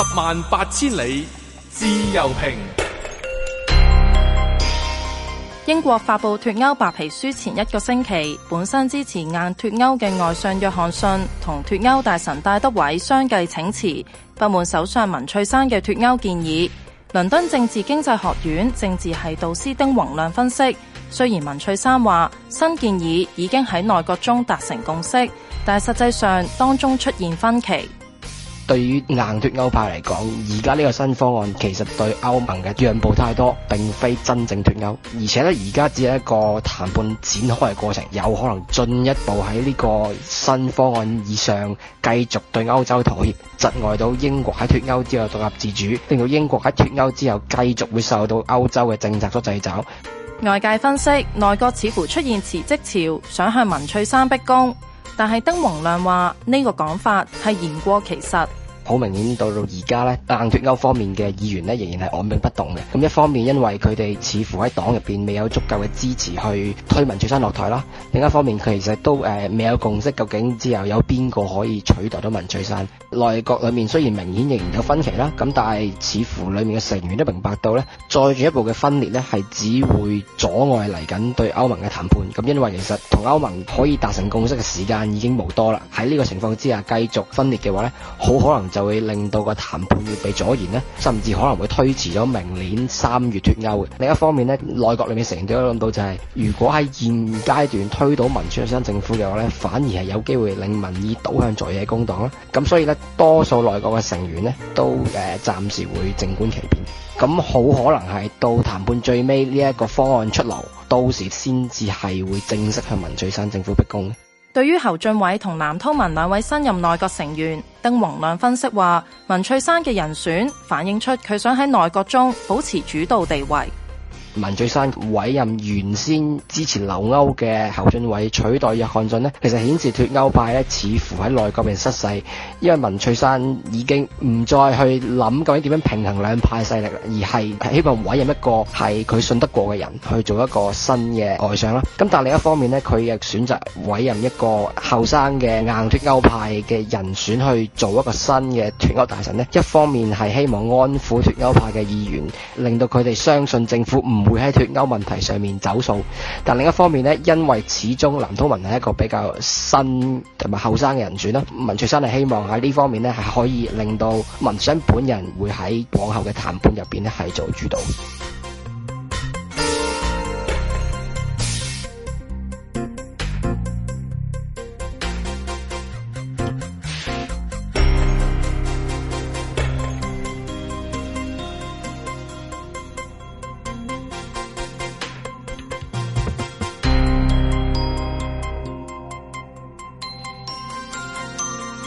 十萬八千里自由評。英國發佈脫歐白皮書前一個星期，本身支持硬脫歐嘅外相約翰遜同脫歐大臣戴德偉相繼請辭，不滿首相文翠山嘅脫歐建議。倫敦政治經濟學院政治系導師丁宏量分析：雖然文翠山話新建議已經喺內閣中達成共識，但係實際上當中出現分歧。對於硬脱歐派嚟講，而家呢個新方案其實對歐盟嘅讓步太多，並非真正脱歐。而且咧，而家只係一個談判展開嘅過程，有可能進一步喺呢個新方案以上繼續對歐洲妥協，窒礙到英國喺脱歐之後獨立自主，令到英國喺脱歐之後繼續會受到歐洲嘅政策所掣肘。外界分析，內閣似乎出現辭職潮，想向文翠山逼宮。但係丁宏量話呢個講法係言過其實。好明顯，到到而家咧，硬脫歐方面嘅議員咧，仍然係按兵不動嘅。咁一方面，因為佢哋似乎喺黨入面未有足夠嘅支持去推文翠山落台啦，另一方面，佢其實都誒未有共識，究竟之後有邊個可以取代到文翠山？內閣裏面雖然明顯仍然有分歧啦，咁但係似乎裏面嘅成員都明白到咧，再進一步嘅分裂咧，係只會阻礙嚟緊對歐盟嘅談判。咁因為其實同歐盟可以達成共識嘅時間已經冇多啦。喺呢個情況之下，繼續分裂嘅話咧，好可能，就會令到個談判要被阻延咧，甚至可能會推遲咗明年三月脫歐。另一方面咧，內閣裏面成員都諗到就係、是，如果喺現階段推倒文翠珊政府嘅話呢，反而係有機會令民意倒向在野工黨啦。咁所以呢，多數內閣嘅成員呢都誒呃、暫時會靜觀其變。咁好可能係到談判最尾呢一個方案出爐，到時先至係會正式向文翠珊政府逼宮。對於侯俊偉同藍韜文兩位新任內閣成員，丁宏量分析話，文翠珊嘅人選反映出佢想在內閣中保持主導地位。文翠珊委任原先支持留歐嘅侯俊偉取代約翰遜咧，其實顯示脫歐派咧似乎喺內閣邊失勢，因為文翠珊已經唔再去諗究竟點樣平衡兩派勢力，而係希望委任一個係佢信得過嘅人去做一個新嘅外相啦。咁但係另一方面咧，佢亦選擇委任一個後生嘅硬脫歐派嘅人選去做一個新嘅脫歐大臣咧。一方面係希望安撫脫歐派嘅議員，令到佢哋相信政府唔。會喺脱歐問題上面走數，但另一方面呢，因為始終藍韜文係一個比較新同埋後生嘅人選啦，文翠珊係希望喺呢方面呢，係可以令到文翠珊本人會喺往後嘅談判入邊呢，係做主導。